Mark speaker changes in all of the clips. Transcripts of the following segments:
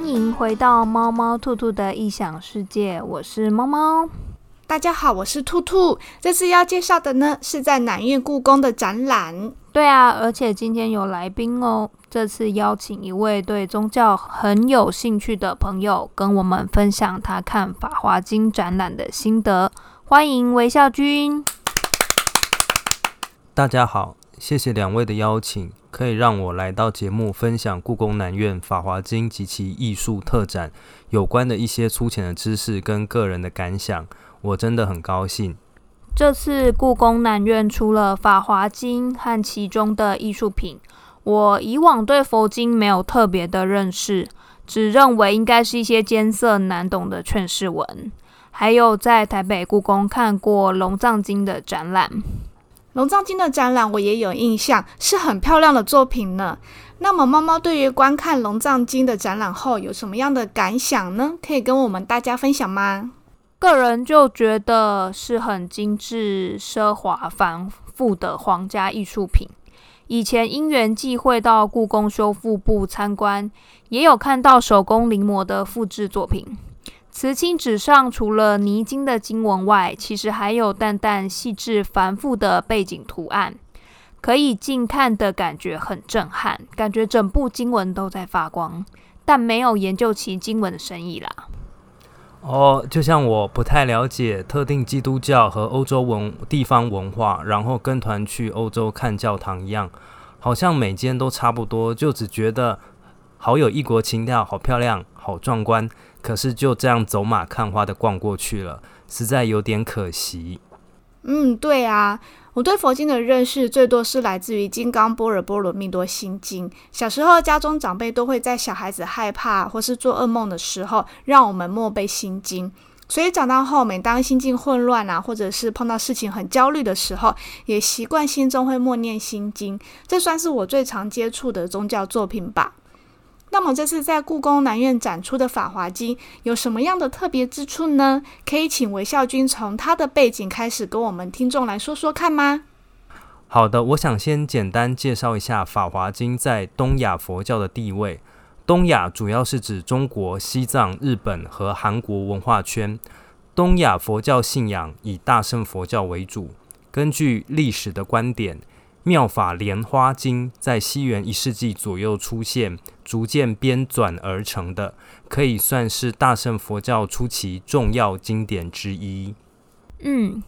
Speaker 1: 歡迎回到
Speaker 2: 貓貓兔兔的異想世界，我是貓貓。大家好，我是兔兔。這次要介紹的呢，是在南院故宮的展覽。對啊，而且今
Speaker 1: 天有來賓哦。這次邀請一位對宗教很有興趣的朋友，跟我們分享他看法華經展覽的心得。歡迎韋孝君。
Speaker 3: 大家好，謝謝兩位的邀請。可以讓我來到節目，分享故宮南院《法華經》及其藝術特展有關的一些粗淺的知識跟個人的感想，我真的很高興。
Speaker 1: 這次故宮南院出了《法華經》和其中的藝術品，我以往對佛經沒有特別的認識，只認為應該是一些艱澀難懂的勸世文，還有在台北故宮看過
Speaker 2: 《龍藏經》的展覽。龍藏經的展覽我也有印象，是很漂亮的作品呢。那麼，貓貓對於觀看龍藏經的展覽後有什麼樣的感想呢？可以跟我們大家分享嗎？個人就覺
Speaker 1: 得是很精緻、奢華、繁複的皇家藝術品。以前因緣際會到故宮修復部參觀，也有看到手工臨摹的複製作品。瓷青紙上除了泥金的經文外，其實還有淡淡細緻繁複的背景圖案，可以近看的感覺很震撼，感覺整部經文都在發光，但沒有研究其經文的深意啦。
Speaker 3: 哦，就像我不太了解特定基督教和歐洲文，地方文化，然後跟團去歐洲看教堂一樣，好像每間都差不多，就只覺得。好有異國情調，好漂亮，好壯觀。可是就這樣走馬看花的逛過去了，實在有點可惜。
Speaker 2: 嗯，對啊，我對佛經的認識最多是來自於《金剛般若波羅蜜多心經》。小時候，家中長輩都會在小孩子害怕或是做噩夢的時候，讓我們默背心經。所以長大後，每當心境混亂啊，或者是碰到事情很焦慮的時候，也習慣心中會默念心經。這算是我最常接觸的宗教作品吧。那麼這次在故宮南院展出的《法華經》有什麼樣的特別之處呢？可以請韋孝軍從他的背景開始給我們聽眾來說說看嗎？
Speaker 3: 好的，我想先簡單介紹一下《法華經》在東亞佛教的地位。東亞主要是指中國、西藏、日本和韓國文化圈。東亞佛教信仰以大乘佛教為主。根據歷史的觀點。《妙法蓮華經》在西元一世紀左右出現，逐漸編纂而成的，可以算是大乘佛教初期重要經典之一。
Speaker 1: 嗯，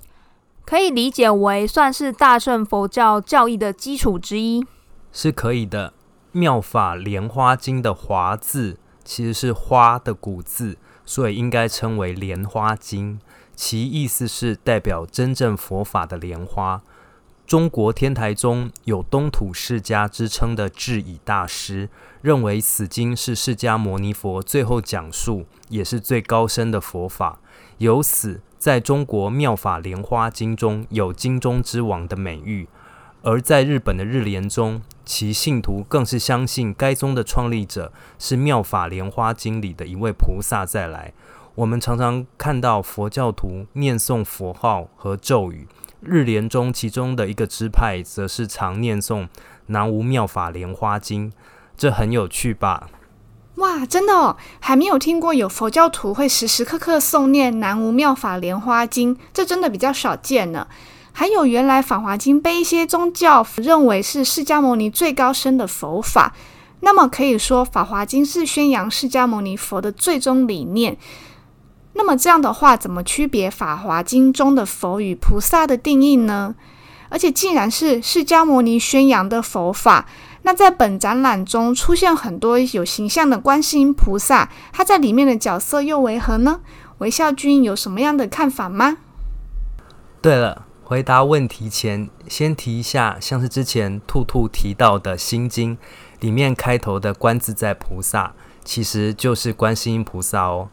Speaker 1: 可以理解為算是大乘佛教教義的基礎之一。
Speaker 3: 是可以的，《妙法蓮華經》的“華”字其實是“花”的古字，所以應該稱為《蓮花經》，其意思是代表真正佛法的蓮花。中國天台宗有東土釋迦之稱的智顗大師認為此經是釋迦牟尼佛最後講述，也是最高深的佛法。由此，在中國妙法蓮花經中有“經中之王”的美譽；而在日本的日蓮宗，其信徒更是相信該宗的創立者是妙法蓮花經裡的一位菩薩再來。我們常常看到佛教徒念誦佛號和咒語。日蓮宗其中的一個支派，則是常念誦《南無妙法蓮花經》，這很有趣吧？
Speaker 2: 哇，真的哦，還沒有聽過有佛教徒會時時刻刻誦念《南無妙法蓮花經》，這真的比較少見呢。還有，原來《法華經》被一些宗教認為是釋迦牟尼最高深的佛法，那麼可以說，《法華經》是宣揚釋迦牟尼佛的最終理念。那麼這樣的話，怎麼區別《法華經》中的佛與菩薩的定義呢？而且，既然是釋迦牟尼宣揚的佛法，那在本展覽中出現很多有形象的觀世音菩薩，他在裡面的角色又為何呢？韋孝軍有什麼樣的看法嗎？
Speaker 3: 對了，回答問題前先提一下，像是之前兔兔提到的《心經》裡面開頭的“觀自在菩薩”，其實就是觀世音菩薩哦。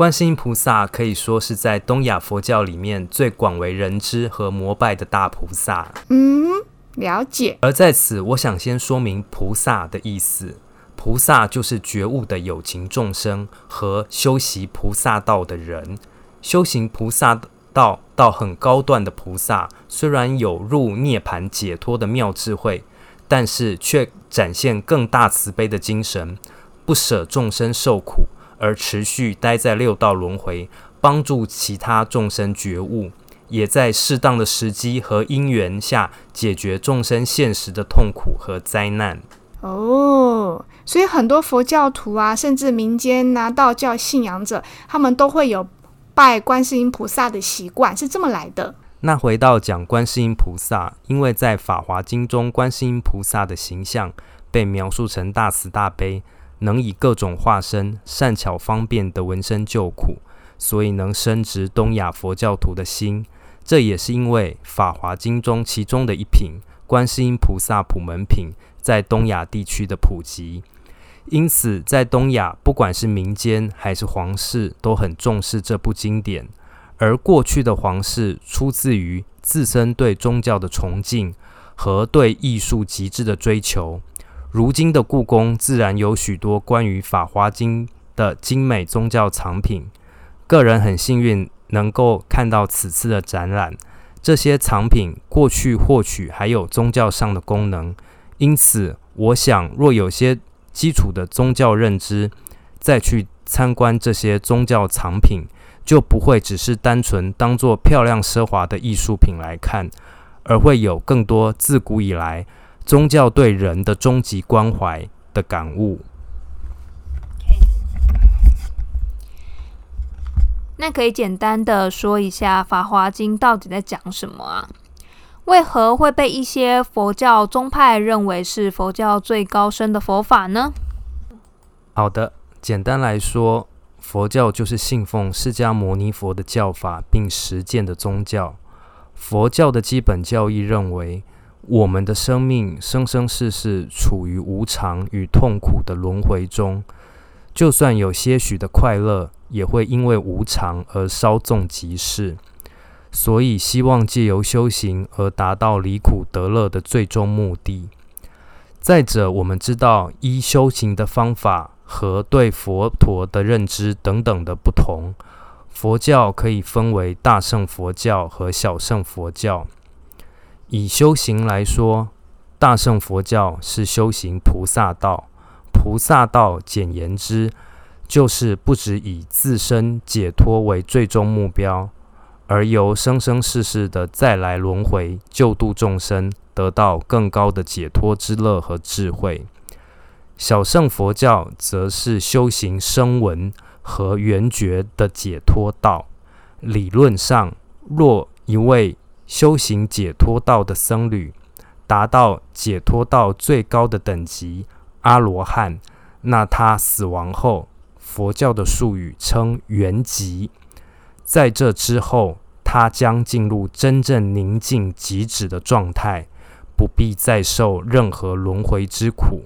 Speaker 3: 觀世音菩薩可以說是在東亞佛教裡面最廣為人知和膜拜的大菩薩。
Speaker 2: 嗯，了解。
Speaker 3: 而在此，我想先說明菩薩的意思。菩薩就是覺悟的有情眾生和修習菩薩道的人。修行菩薩道到很高段的菩薩，雖然有入涅槃解脫的妙智慧，但是卻展現更大慈悲的精神，不捨眾生受苦。而持續待在六道輪迴，幫助其他眾生覺悟，也在適當的時機和因緣下解決眾生現實的痛苦和災
Speaker 2: 難。哦，oh, 所以很多佛教徒啊，甚至民間啊，道教信仰者，他們都會有拜觀世音菩薩的習慣，是這麼來的。
Speaker 3: 那回到講觀世音菩薩，因為在《法華經》中，觀世音菩薩的形象被描述成大慈大悲。能以各種化身善巧方便的聞聲救苦，所以能深植東亞佛教徒的心。這也是因為《法華經》中其中的一品《觀世音菩薩普門品》在東亞地區的普及。因此，在東亞，不管是民間還是皇室，都很重視這部經典。而過去的皇室出自於自身對宗教的崇敬和對藝術極致的追求。如今的故宮自然有許多關於《法華經》的精美宗教藏品，個人很幸運能夠看到此次的展覽。這些藏品過去或許還有宗教上的功能，因此我想，若有些基礎的宗教認知，再去參觀這些宗教藏品，就不會只是單純當作漂亮奢華的藝術品來看，而會有更多自古以來宗教對人的終極關懷的感悟。
Speaker 1: 那可以簡單的說一下《法華經》到底在講什麼啊？為何會被一些佛教宗派認為是佛教最高深的佛法呢？
Speaker 3: 好的，簡單來說，佛教就是信奉釋迦牟尼佛的教法並實踐的宗教。佛教的基本教義認為，我們的生命生生世世處於無常與痛苦的輪迴中，就算有些許的快樂，也會因為無常而稍縱即逝。所以，希望借由修行而達到離苦得樂的最終目的。再者，我們知道，依修行的方法和對佛陀的認知等等的不同，佛教可以分為大乘佛教和小乘佛教。以修行來說，大乘佛教是修行菩薩道，菩薩道簡言之，就是不只以自身解脫為最終目標，而由生生世世的再來輪迴救度眾生，得到更高的解脫之樂和智慧。小乘佛教則是修行聲聞和緣覺的解脫道。理論上，若一位修行解脫道的僧侶，達到解脫道最高的等級，阿羅漢，那他死亡後，佛教的術語稱圓寂。在這之後，他將進入真正寧靜極止的狀態，不必再受任何輪回之苦。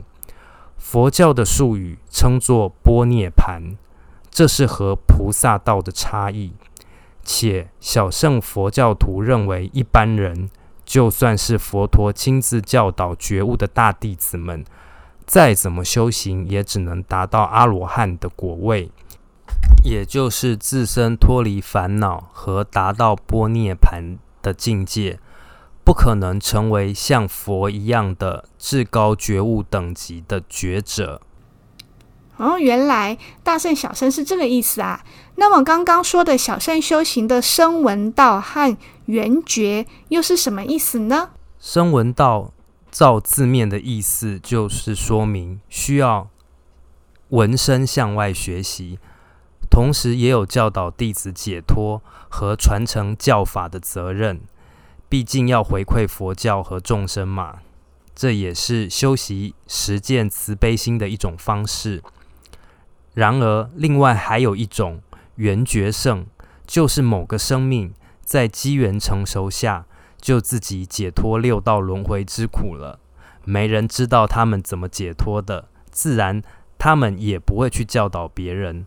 Speaker 3: 佛教的術語稱作般涅槃，這是和菩薩道的差異。且小乘佛教徒認為，一般人就算是佛陀親自教導覺悟的大弟子們，再怎麼修行，也只能達到阿羅漢的果位，也就是自身脫離煩惱和達到般涅槃的境界，不可能成為像佛一樣的至高覺悟等級的覺者。
Speaker 2: 哦，原來大乘、小乘是這個意思啊。那麼剛剛說的小乘修行的聲聞道和緣覺又是什麼意思呢？
Speaker 3: 聲聞道照字面的意思就是說明需要聞聲向外學習，同時也有教導弟子解脫和傳承教法的責任。畢竟要回饋佛教和眾生嘛，這也是修習實踐慈悲心的一種方式。然而，另外還有一種緣覺乘，就是某個生命在機緣成熟下，就自己解脫六道輪迴之苦了。沒人知道他們怎麼解脫的，自然他們也不會去教導別人。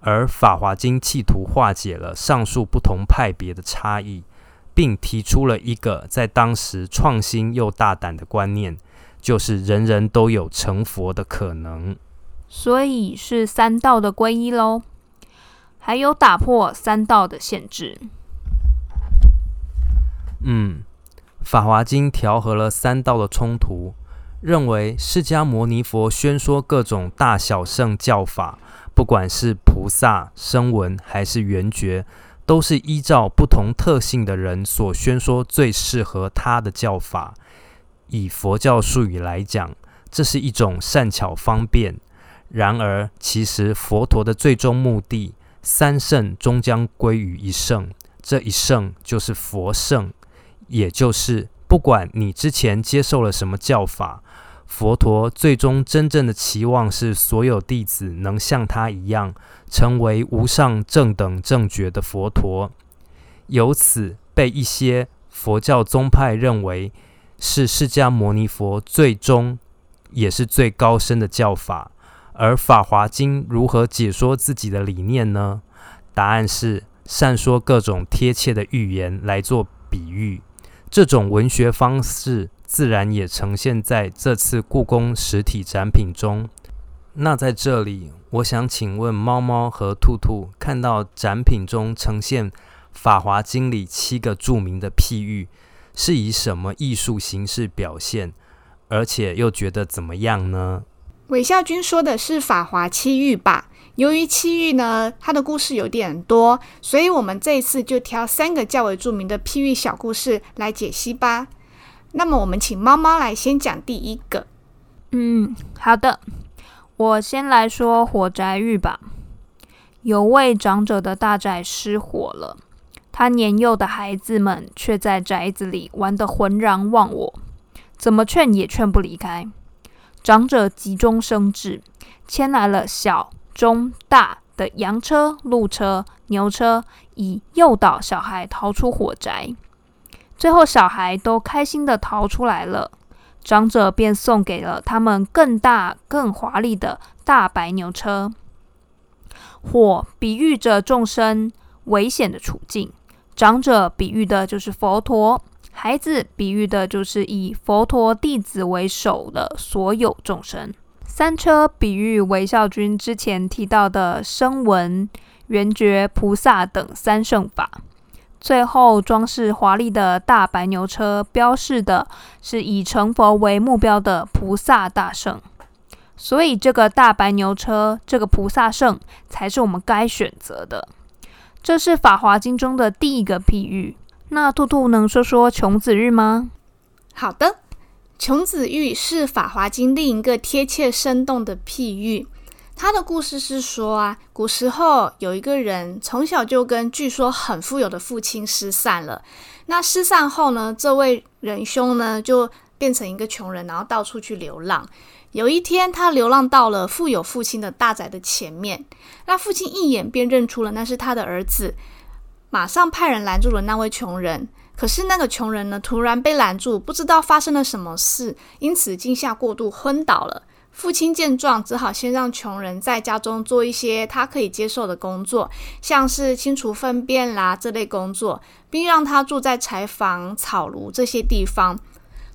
Speaker 3: 而《法華經》企圖化解了上述不同派別的差異，並提出了一個在當時創新又大膽的觀念，就是人人都有成佛的可能。
Speaker 1: 所以是三道的歸一嘍，還有打破三道的限制。
Speaker 3: 嗯，法華經調和了三道的衝突，認為釋迦牟尼佛宣說各種大小乘教法，不管是菩薩聲聞、還是緣覺，都是依照不同特性的人所宣說最適合他的教法。以佛教術語來講，這是一種善巧方便。然而，其實佛陀的最終目的，三乘終將歸於一乘，這一乘就是佛乘，也就是不管你之前接受了什麼教法，佛陀最終真正的期望是所有弟子能像他一樣，成為無上正等正覺的佛陀，由此被一些佛教宗派認為是釋迦牟尼佛最終也是最高深的教法。而《法華經》如何解說自己的理念呢？答案是善說各種貼切的寓言來做比喻。這種文學方式自然也呈現在這次故宮實體展品中。那在這裡，我想請問貓貓和兔兔，看到展品中呈現《法華經》裡七個著名的譬喻，是以什麼藝術形式表現？而且又覺得怎麼樣呢？
Speaker 2: 韋孝君說的是法華七喻吧？由於七喻呢，它的故事有點多，所以我們這次就挑三個較為著名的譬喻小故事來解析吧。那麼，我們請貓貓來先講第一個。
Speaker 1: 嗯，
Speaker 2: 好的。我先來說火宅喻吧。
Speaker 1: 有位長者的大宅失火了，他年幼的孩子們卻在宅子裡玩得渾然忘我，怎麼勸也勸不離開。長者急中生智，牽來了小、中、大的羊車、鹿車、牛車，以誘導小孩逃出火宅。最後，小孩都開心的逃出來了，長者便送給了他們更大、更華麗的大白牛車。火比喻着眾生危險的處境，長者比喻的就是佛陀。孩子比喻的就是以佛陀弟子為首的所有眾生。三車比喻韋孝君之前提到的聲聞、緣覺、菩薩等三乘法。最後裝飾華麗的大白牛車，標示的是以成佛為目標的菩薩大乘。所以，這個大白牛車，這個菩薩乘，才是我們該選擇的。這是《法華經》中的第一個譬喻。那兔兔能說說窮子喻嗎？
Speaker 2: 好的，窮子喻是《法華經》另一個貼切生動的譬喻。他的故事是說啊，古時候有一個人從小就跟據說很富有的父親失散了。那失散後呢，這位仁兄呢就變成一個窮人，然後到處去流浪。有一天，他流浪到了富有父親的大宅的前面，那父親一眼便認出了那是他的兒子。馬上派人攔住了那位窮人。可是那個窮人呢，突然被攔住，不知道發生了什麼事，因此驚嚇過度，昏倒了。父親見狀，只好先讓窮人在家中做一些他可以接受的工作，像是清除糞便啦這類工作，並讓他住在柴房、草廬這些地方。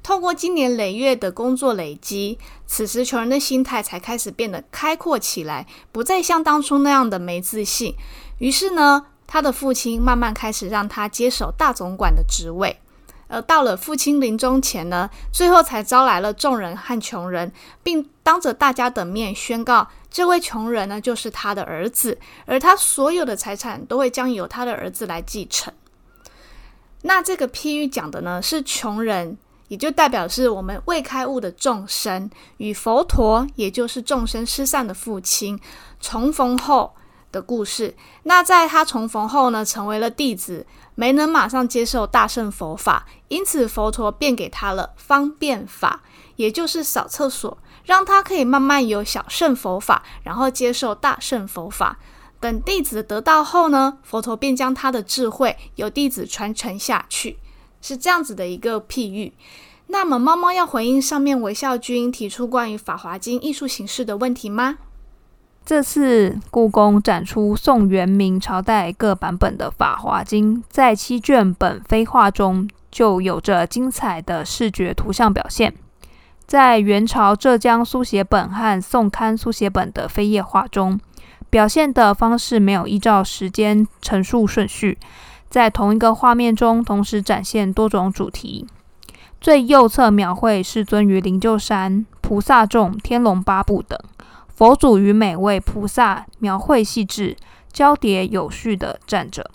Speaker 2: 透過經年累月的工作累積，此時窮人的心態才開始變得開闊起來，不再像當初那樣的沒自信。於是呢，他的父親慢慢開始讓他接手大總管的職位，而到了父親臨終前呢，最後才招來了眾人和窮人，並當着大家的面宣告，這位窮人呢就是他的兒子，而他所有的財產都會將由他的兒子來繼承。那這個譬喻講的呢是窮人，也就代表是我們未開悟的眾生與佛陀，也就是眾生失散的父親重逢後。的故事，那在他重逢後呢，成為了弟子，沒能馬上接受大乘佛法，因此佛陀便給他了方便法，也就是掃廁所，讓他可以慢慢由小乘佛法，然後接受大乘佛法。等弟子得到後呢，佛陀便將他的智慧由弟子傳承下去，是這樣子的一個譬喻。那麼，貓貓要回應上面韋孝軍提出關於《法華經》藝術形式的問題嗎？
Speaker 1: 這次故宮展出宋元明朝代各版本的《法華經》，在七卷本扉畫中就有着精彩的視覺圖像表現。在元朝浙江書寫本和宋刊書寫本的扉頁畫中，表現的方式沒有依照時間陳述順序，在同一個畫面中同時展現多種主題。最右側描繪世尊於靈鷲山，菩薩眾、天龍八部等。佛祖與每位菩薩描繪細緻、交疊有序的站着。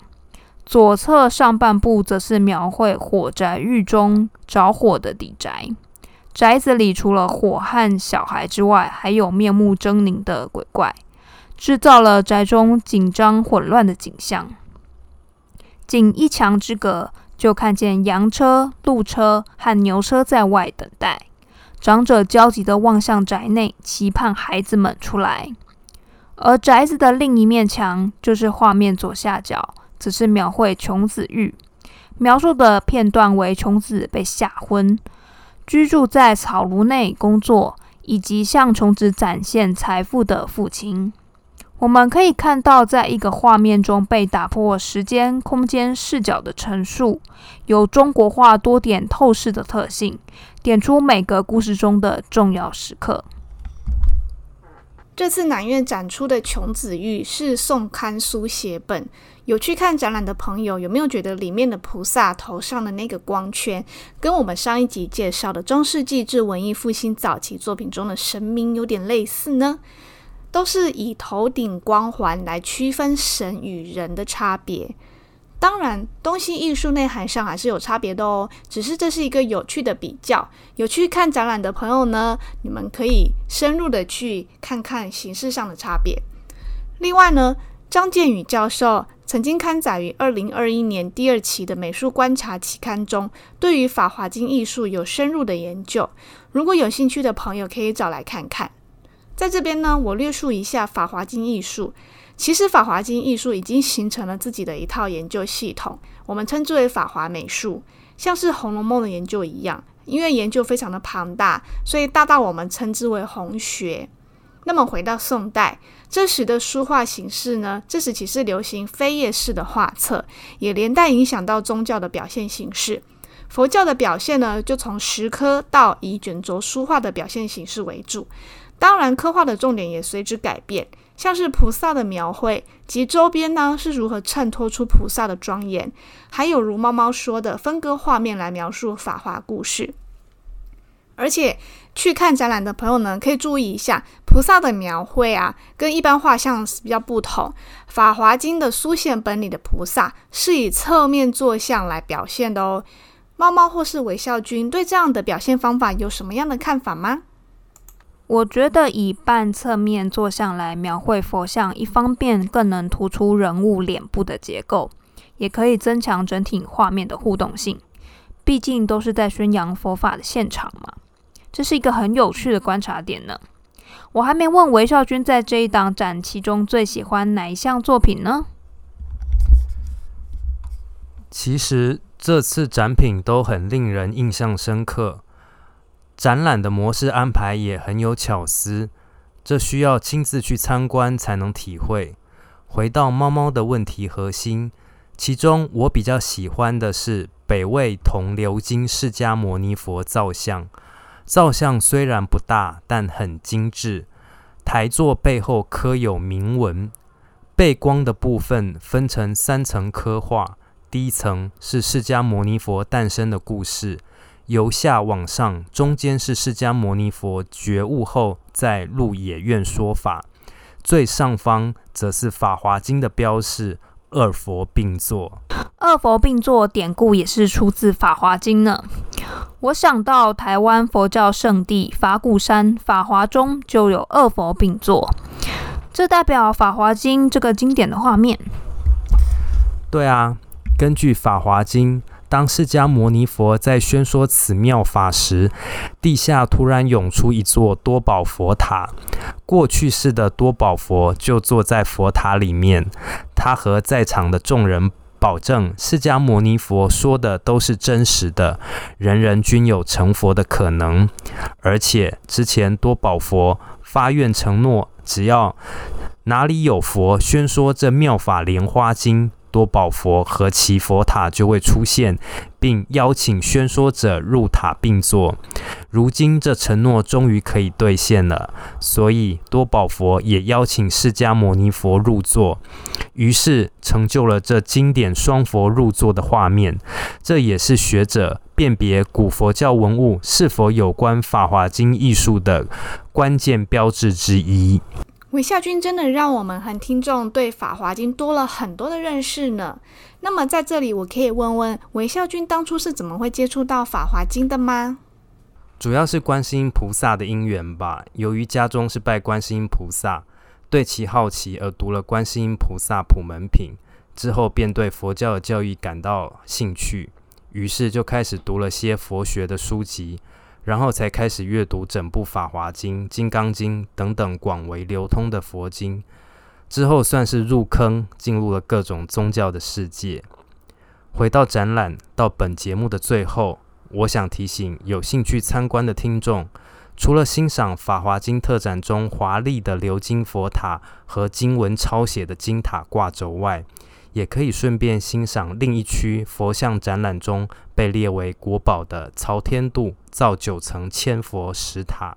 Speaker 1: 左側上半部則是描繪火宅喻中着火的底宅，宅子裡除了火和小孩之外，還有面目猙獰的鬼怪，制造了宅中緊張混亂的景象。僅一牆之隔，就看見羊車、鹿車和牛車在外等待。長者焦急地望向宅內，期盼孩子們出來。而宅子的另一面牆就是畫面左下角，則是描繪窮子喻。描述的片段為窮子被嚇昏，居住在草廬內工作，以及向窮子展現財富的父親。我們可以看到，在一個畫面中被打破時間、空間視角的陳述，有中國畫多點透視的特性。點出每個故事中的重要時刻。
Speaker 2: 這次南院展出的《窮子喻》是宋刊書寫本，有去看展覽的朋友有沒有覺得裡面的菩薩頭上的那個光圈，跟我們上一集介紹的中世紀至文藝復興早期作品中的神明有點類似呢？都是以頭頂光環來區分神與人的差別。當然，東西藝術內涵上還是有差別的哦。只是這是一個有趣的比較，有去看展覽的朋友呢，你們可以深入的去看看形式上的差別。另外呢，張建宇教授曾經刊載於二零二一年第二期的《美術觀察》期刊中，對於法華經藝術有深入的研究。如果有興趣的朋友，可以找來看看。在這邊呢，我略述一下法華經藝術。其實，法華經藝術已經形成了自己的一套研究系統，我們稱之為法華美術，像是《紅樓夢》的研究一樣，因為研究非常的龐大，所以大到我們稱之為紅學。那麼，回到宋代，這時的書畫形式呢？這時其實流行扉頁式的畫冊，也連帶影響到宗教的表現形式。佛教的表現呢，就從石刻到以卷軸書畫的表現形式為主。當然，刻畫的重點也隨之改變，像是菩薩的描繪及周邊呢是如何襯托出菩薩的莊嚴，還有如貓貓說的分割畫面來描述法華故事。而且去看展覽的朋友呢，可以注意一下菩薩的描繪啊，跟一般畫像是比較不同。法華經的書寫本裡的菩薩是以側面坐像來表現的哦。貓貓或是韋孝君對這樣的表現方法有什麼樣的看法嗎？
Speaker 1: 我覺得以半側面坐像來描繪佛像，一方面更能突出人物臉部的結構，也可以增強整體畫面的互動性。畢竟都是在宣揚佛法的現場嘛，這是一個很有趣的觀察點呢。我還沒問韋少軍在這一檔展其中最喜歡哪一項作品呢？
Speaker 3: 其實這次展品都很令人印象深刻。展覽的模式安排也很有巧思，這需要親自去參觀才能體會。回到貓貓的問題核心，其中我比較喜歡的是北魏銅鎏金釋迦牟尼佛造像。造像雖然不大，但很精致。台座背後刻有銘文，背光的部分分成三層刻畫，第一層是釋迦牟尼佛誕生的故事。由下往上，中間是釋迦牟尼佛覺悟後在鹿野苑說法，最上方則是《法華經》的標示，二佛並坐。
Speaker 1: 二佛並坐典故也是出自《法華經》呢。我想到台灣佛教聖地法鼓山法華鐘就有二佛並坐，這代表《法華經》這個經典的畫面。
Speaker 3: 對啊，根據《法華經》。當釋迦牟尼佛在宣說此妙法時，地下突然湧出一座多寶佛塔。過去世的多寶佛就坐在佛塔裡面。他和在場的眾人保證，釋迦牟尼佛說的都是真實的，人人均有成佛的可能。而且之前多寶佛發願承諾，只要哪裡有佛宣說這妙法《蓮華經》，多寶佛和其佛塔就會出現，並邀請宣說者入塔並坐。如今這承諾終於可以兌現了，所以多寶佛也邀請釋迦牟尼佛入座，於是成就了這經典雙佛入座的畫面。這也是學者辨別古佛教文物是否有關《法華經》藝術的關鍵標誌之一。
Speaker 2: 韋孝軍真的讓我們和聽眾對《法華經》多了很多的認識呢。那麼在這裡，我可以問問韋孝軍當初是怎麼會接觸到《法華經》的嗎？
Speaker 3: 主要是觀世音菩薩的因緣吧。由於家中是拜觀世音菩薩，對其好奇而讀了《觀世音菩薩普門品》之後，便對佛教的教義感到興趣，於是就開始讀了些佛學的書籍。然後才開始閱讀整部《法華經》《金剛經》等等廣為流通的佛經，之後算是入坑，進入了各種宗教的世界。回到展覽到本節目的最後，我想提醒有興趣參觀的聽眾，除了欣賞《法華經》特展中華麗的鎏金佛塔和經文抄寫的金塔掛軸外，也可以順便欣賞另一區佛像展覽中被列為國寶的朝天度造九層千佛石塔。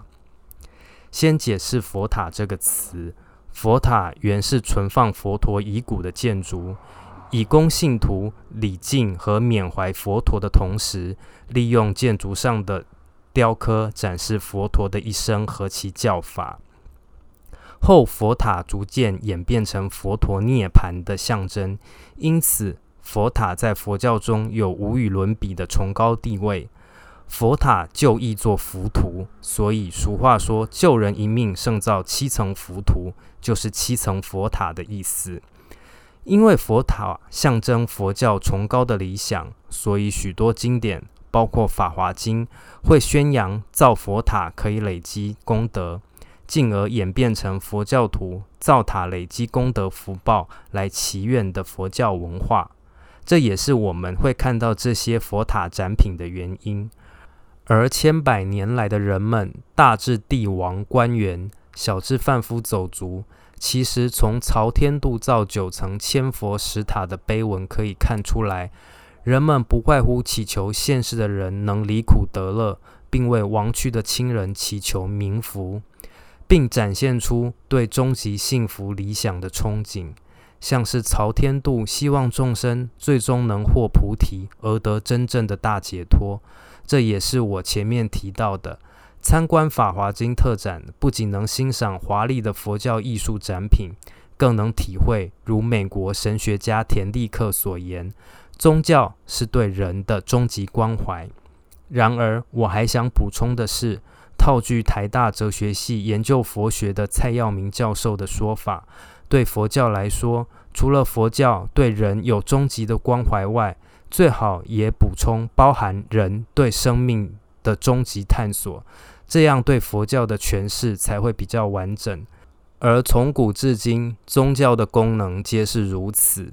Speaker 3: 先解釋“佛塔”這個詞，佛塔原是存放佛陀遺骨的建築，以供信徒禮敬和緬懷佛陀的同時，利用建築上的雕刻展示佛陀的一生和其教法。後佛塔逐漸演變成佛陀涅槃的象徵，因此佛塔在佛教中有無與倫比的崇高地位。佛塔舊譯作浮屠，所以俗話說“救人一命勝造七層浮屠”，就是七層佛塔的意思。因為佛塔象徵佛教崇高的理想，所以許多經典，包括《法華經》，會宣揚造佛塔可以累積功德。進而演變成佛教徒造塔累積功德、福報來祈願的佛教文化，這也是我們會看到這些佛塔展品的原因。而千百年來的人們，大至帝王官員，小至販夫走卒，其實從朝天度造九層千佛石塔的碑文可以看出來，人們不外乎祈求現世的人能離苦得樂，並為亡去的親人祈求冥福。並展現出對終極幸福理想的憧憬，像是曹天度希望眾生最終能獲菩提而得真正的大解脫。這也是我前面提到的，參觀《法華經》特展不僅能欣賞華麗的佛教藝術展品，更能體會，如美國神學家田立克所言，宗教是對人的終極關懷。然而，我還想補充的是，套句台大哲學系研究佛學的蔡耀明教授的說法，對佛教來說，除了佛教對人有終極的關懷外，最好也補充包含人對生命的終極探索，這樣對佛教的詮釋才會比較完整。而從古至今，宗教的功能皆是如此。
Speaker 1: 《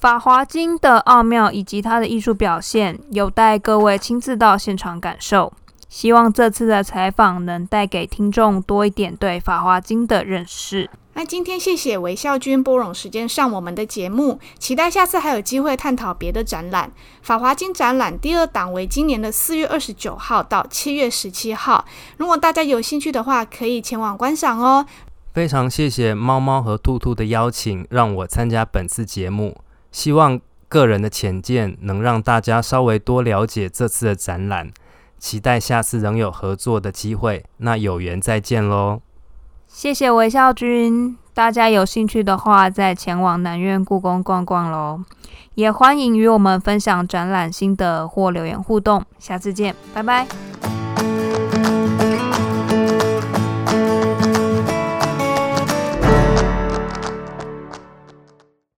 Speaker 1: 法華經》的奧妙以及它的藝術表現，有待各位親自到現場感受。希望這次的採訪能帶給聽眾多一點對《法華經》的認識。
Speaker 2: 那今天謝謝韋孝軍，撥冗時間上我們的節目，期待下次還有機會探討別的展覽。《法華經》展覽第二檔為今年的四月二十九號到七月十七號，如果大家有興趣的話，可以前往觀賞哦。
Speaker 3: 非常謝謝貓貓和兔兔的邀請，讓我參加本次節目。希望個人的淺見能讓大家稍微多了解這次的展覽。期待下次仍有合作的機會，那有緣再見嘍！
Speaker 1: 謝謝韋孝君，大家有興趣的話，再前往南院故宮逛逛嘍，也歡迎與我們分享展覽心得或留言互動，下次見，拜拜。